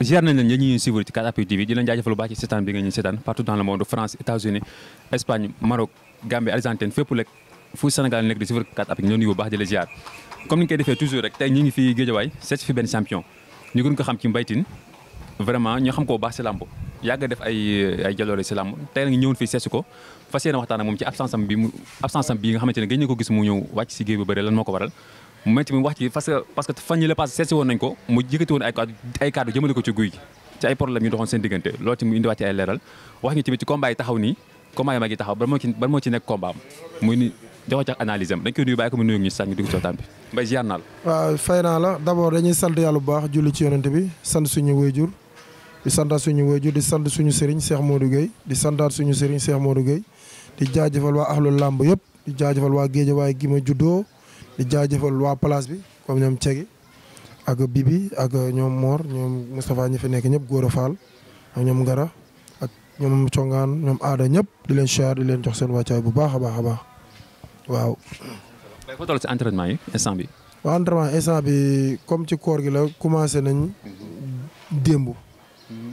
ziar nañ leen yéen ñi ñuy suivre ci 4appuis TV di leen jaajëfal bu baax ci seetaan bi nga ñu seetaan partout dans le monde France États-Unis Espagne Maroc Gambie Argentine fépp lekk fu Sénégal nekk di suivre 4appuis baax di la ziar comme xam ko bu baax si làmb yàgg def ay ay jaloore si làmb tey nag ñëwoon fii seet ko fas yéene waxtaan ak moom ci absence am bi mu absence am bi nga xamante ne gëj ko gis mu ñëw wàcc si géej bu bëri lan moo ko waral mu ci mi wax ci parce que parce que fan yi la passé seet si woon nañ ko mu yëkkati woon ay kàddu ay kàddu jëmale ko ci guy ci ay problème yu doxoon seen diggante loolu ci mu indiwaat ci ay leeral wax bu baax julli ci yonent bi sant suñu wéyjur di santaat suñu wéyjur di sant suñu sëriñ Cheikh Modou Gueye di santaat suñu sëriñ Cheikh Modou Gueye di jaajëfal waa axlul làmb yëpp di jaajëfal waa géejawaay gi ma juddoo di jaajëfal waa place bi kom ñoom Cegi ak Bibi ak ñoom moor ñoom Moustapha ñi fi nekk ñëpp Gora Fall ak ñoom gara ak ñoom Congaan ñoom Aada ñëpp di leen chair di leen jox seen wàccaay bu baax a baax a baax waaw. mais foo ci entraînement yi instant bi. waaw entraînement instant bi comme ci koor gi la commencé nañ démb.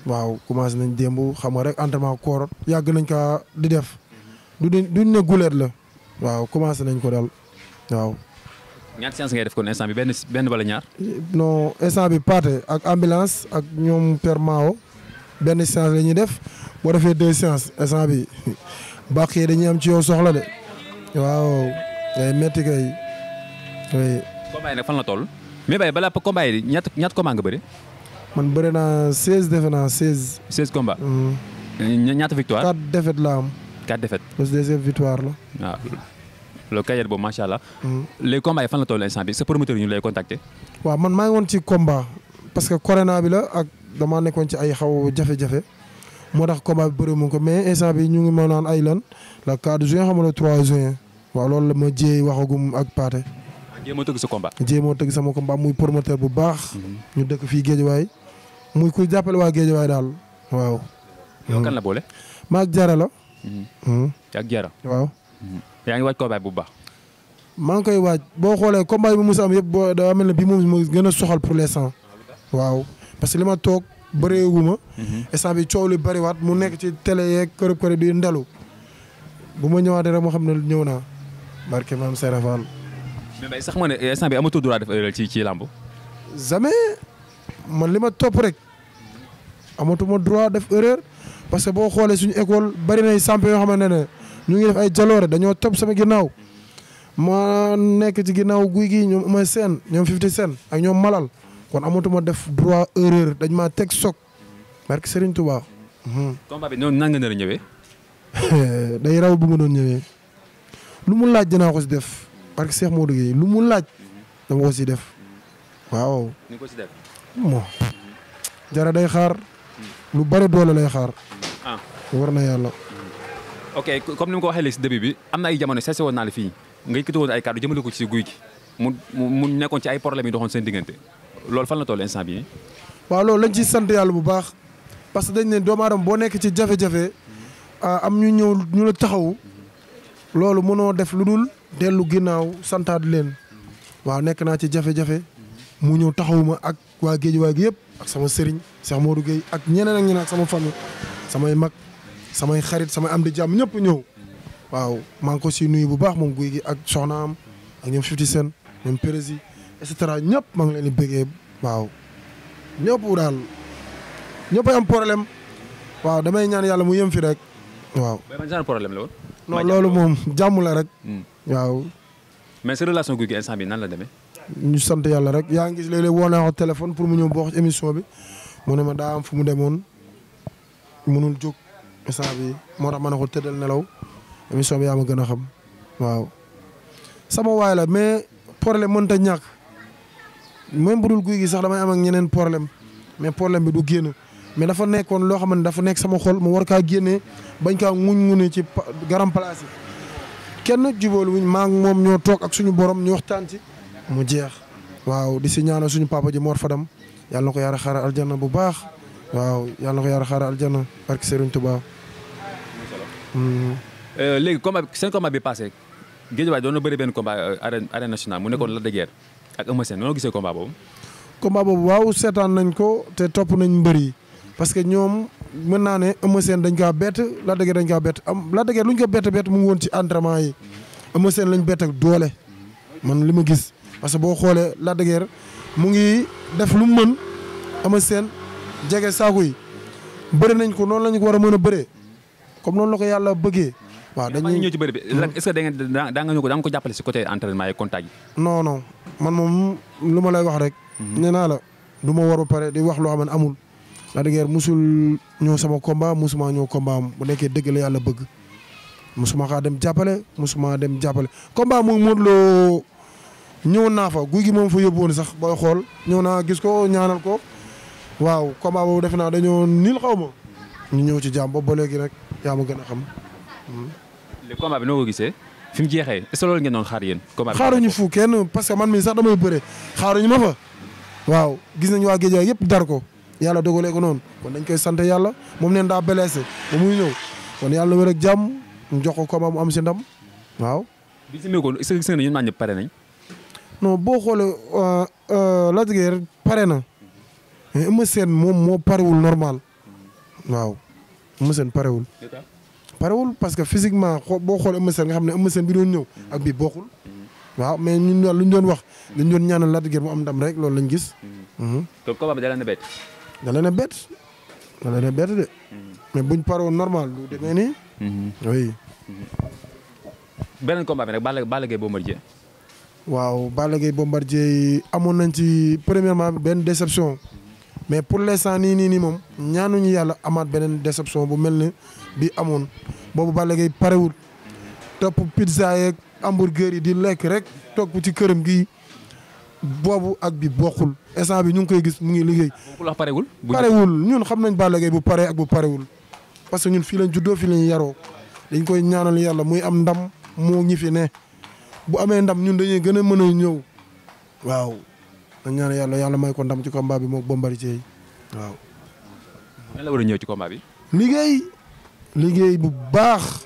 waaw commencé nañ démb xam nga rek entraînement koor yàgg nañ kaa di def. du duñ ne guleet la. waaw commencé nañ ko daal waaw. ñaata séance ngay def kon instant bi benn benn wala ñaar. non instant bi paate ak ambulance ak ñoom Père Mao benn séance la ñuy def boo defee deux séances instant bi bàq yi dañuy am ci yow soxla de waaw ngay métti kay. combat yi mais Baye balaa combat yi ñaata ñaata combat nga bëri. man bëri naa seize defe naa seize. seize combat. Mm. ñaata victoire. quatre défaites la am. quatre défaites. parce que deuxième victoire la. loolu carrière boobu macha allah. Mm. les combats yi fan la toll instant bi sa promoteur ñu lay contacter. waaw man maa ngi woon ci combat parce que corona bi la ak damaa nekkoon ci ay xaw jafe-jafe moo tax combat bi mu ko mais instant bi ñu ngi ma naan ay lan la 4 juin xam nga le 3 juin loolu la ma jiyee waxagum ak Pathé. Ah, jéem a tëgg sa combat. jéem moo tëgg sama combat muy promoteur bu baax. Mm-hmm. ñu dëkk fii Géejawaay muy ku jàppale waa Géejawaay daal waaw. yow kan la boole. maa Jara la. Mm-hmm. Mm. ak waaw. Mm-hmm. yaa ngi waaj combat bu baax. maa ngi koy waaj boo xoolee combat bi mu am yëpp boo daa mel ne bi moom moo gën a soxal pour l'instant waaw parce que li ma toog bëreewu ma. Mhm. instant bi coow li bëriwaat mu nekk ci tele yeeg kërëb kërëb di ndalu bu ma ñëwaatee rek moo xam ne ñëw naa barke ma Serap Fall. mais sax ma ne instant bi amatul droit def erreur ci ci làmb. li ma topp rek amatuma droit def erreur parce que boo xoolee suñu école bari nay samp yoo xamante ne. ñu ngi def ay jaloore dañoo topp sama ginnaaw ma nekk ci ginnaaw guy gi ñoom Eumeu seen ñoom Fifty seen ak ñoom Malal kon amatuma def droit erreur dañ maa teg soog barke Serigne Touba. Mhm. combat bi noonu day raw bu ma ñëwee lu mu laaj dinaa ko si def barke Cheikh moo Gueye lu mu laaj dama ko si def waaw. ni jara day xaar lu bari doole lay xaar. Ah. war na yàlla. ok comme ni ma ko waxee léegi si début bi am na ay jamono seese woon naa la fii nga yëkkati woon ay kàddu jëmale ko ci guy mu mu nekkoon ci ay problème yi doxoon seen diggante loolu fan la toll instant bii. waaw loolu lañ ciy sant yàlla bu baax parce que dañ ne doomu aadama boo nekk ci jafe-jafe ah, am ñu ñëw ñu la taxawu loolu mënoo def lu dul dellu ginnaaw santaat leen waaw nekk naa ci jafe-jafe mu ñëw taxawuma ak waa géej waa gi yëpp ak sama sëriñ Cheikh Modou Guèye ak ñeneen ak ñeneen sama famille samay mag. samay xarit samay am di jàmm ñëpp ñëw waaw maa ngi ko si nuyu bu baax moom guy gi ak soxnaam ak ñoom Fifty Cent ñoom Prési et cetera ñëpp maa ngi leen di bëggee waaw ñëpp daal ñëpp am problème waaw damay ñaan yàlla mu yëm fi rek waaw. mais ban problème la woon. loolu moom jàmm la rek. Hmm. waaw. mais sa relation guy instant bi nan la demee. ñu yàlla rek yaa ngi gis léeg-léeg woo naa pour mu ñëw boo wax bi mu ma daa am fu mu demoon mënul jóg. instant bi moo tax man ne ko tëddal nelaw émission bi yaa ma gën a xam waaw. sama waay la mais problème mënta ñàkk même bu dul guy gi sax damay am ak ñeneen problème mais problème bi du génn mais dafa nekkoon loo xam ne dafa nekk sama xol mu war kaa génne bañ kaa ŋuñ-ŋune ci garam place yi. kenn jubóolu wuñ maa moom ñoo toog ak suñu borom ñu waxtaan ci mu jeex. waaw di si ñaanal suñu papa ji fa Fadam yàlla na ko yaara xaaral aljanna bu baax waaw yàlla na ko yaara xaaral aljanna barke Serigne Touba. Euh, léegi combat seen combat bi passé Guédiawaye doon na bëri benn combat euh, arène arène nationale mu nekkoon Lac de Guiers ak Eumeu Sène noonu gisee combat waaw seetaan nañ ko te topp nañ mbër yi parce que ñoom mën naa ne Eumeu dañ kaa bett la de Guiers kaa bett am Lac de Guiers lu ñu ko bett bett mu ngi woon ci entraînement yi Eumeu Sène lañ bett ak doole man li ma gis parce que boo xoolee Lac de mu ngi def lu mu mën Eumeu Sène jege saako yi bëri nañ ko noonu lañu ko war a mën a bëree. comme noonu la ko yàlla bëggee. waaw dañuy ñëw ci bëri bi hmm. est-ce da ko da nga ko jàppale si côté entraînement yi contact yi. non non man moom lu ma lay wax rek. Hmm. nee naa la du ma war ba pare di wax loo xam ne amul. la dëgg musul ñëw sama combat musuma ñëw combat am bu nekkee dëgg la yàlla bëgg musuma xaa dem jàppale musuma dem jàppale combat mu Modou Lo ñëwoon naa fa guy gi moom fa yóbbu sax booy xool ñëw naa gis ko ñaanal ko waaw combat boobu defe naa dañoo niil xaw ma ñu ñëw ci jàmm ba léegi rek. yaa ma gën a xam. léegi combat bi noo ko gisee fi mu jeexee est-ce xaar yéen. combat bi xaaruñu fu kenn parce que man mii sax damay bëre xaaruñu ma fa. waaw gis nañ waa Géejawaay yëpp dar ko yàlla dogalee ko noonu kon dañ koy sant yàlla moom neen daa blessé ba muy ñëw kon yàlla wér ak jàmm mu jox ko combat mu am si ndam waaw. bi ci méngóo est-ce que gis nga boo xoolee euh, euh, Lac de Guiers pare na mais seen Sène moom moo parewul normal waaw. Eumeu Sène parewul parewul parce que physiquement boo xool Eumeu Sène nga xam ne Eumeu Sène bi doon ñëw ak bii bokkul waaw mais ñun daal lu ñu doon wax dañ doon ñaanal Lac de Guiers mu am ndam rek loolu lañ gis mhm. te da leen a bett da leen a bett da leen a bett de mais buñ parewoon normal du demee nii mhm. oui mhm. beneen combat bi nag Balla Balla Gaye Bombardier waaw Balla Gaye Bombardier amoon nañ ci premièrement benn déception mais pour l'instant nii nii nii moom ñaanuñu yàlla amaat beneen déception bu mel ne bi amoon boobu Balla Gaye parewul topp pizza yeeg hamburger yi di lekk rek toog ci këram gi boobu ak bi bokkul instant bi ñu ngi koy gis mu ngi liggéey. parewul parewul ñun xam nañ Balla Gaye bu pare bu parewul parce que ñun fii lañ juddoo fii lañ yaroo dañ koy ñaanal yàlla muy am ndam moo ñi fi ne bu amee ndam ñun dañuy gën a mën a ñëw waaw. dañ ñaan yàlla yàlla may ko ndam ci combat bi moom Bombardier waaw. la ñëw ci combat bi. liggéey. liggéey bu baax.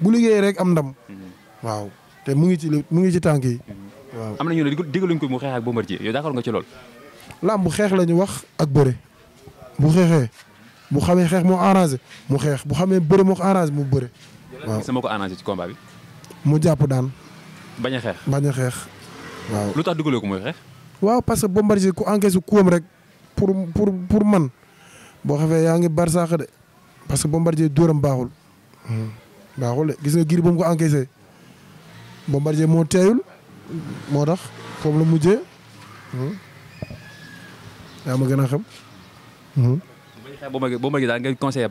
bu liggéey rek am ndam. Mhm. waaw te mu ngi ci mu ngi ci tànk yi. Mhm. waaw am na ñu ne digaluñ ko mu xeex ak Bombardier yow nga ci lool. lamb bu xeex la ñu wax ak bëre. bu xeexee bu xamee xeex moo arrangé mu xeex bu xamee bëre moo ko mu bëre. waaw sama ko arrangé ci combat mu jàpp daan. bañ xeex bañ xeex. waaw lu tax ko muy waaw parce que Bombardier ku encaissé kuwam rek pour pour pour man boo xamee yaa ngi barsaax de parce que Bombardier dóoram baaxul. Hmm. baaxul de gis nga giri bu mu ko encaissé moo teeyul moo tax foofu la mujjee. Hmm. yaa ma gën a xam. bu muy xeex Bombardier daal ngay conseillé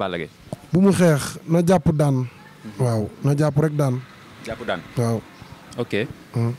bu mu xeex na jàpp daan. Hmm. waaw na jàpp rek daan. jàpp waaw.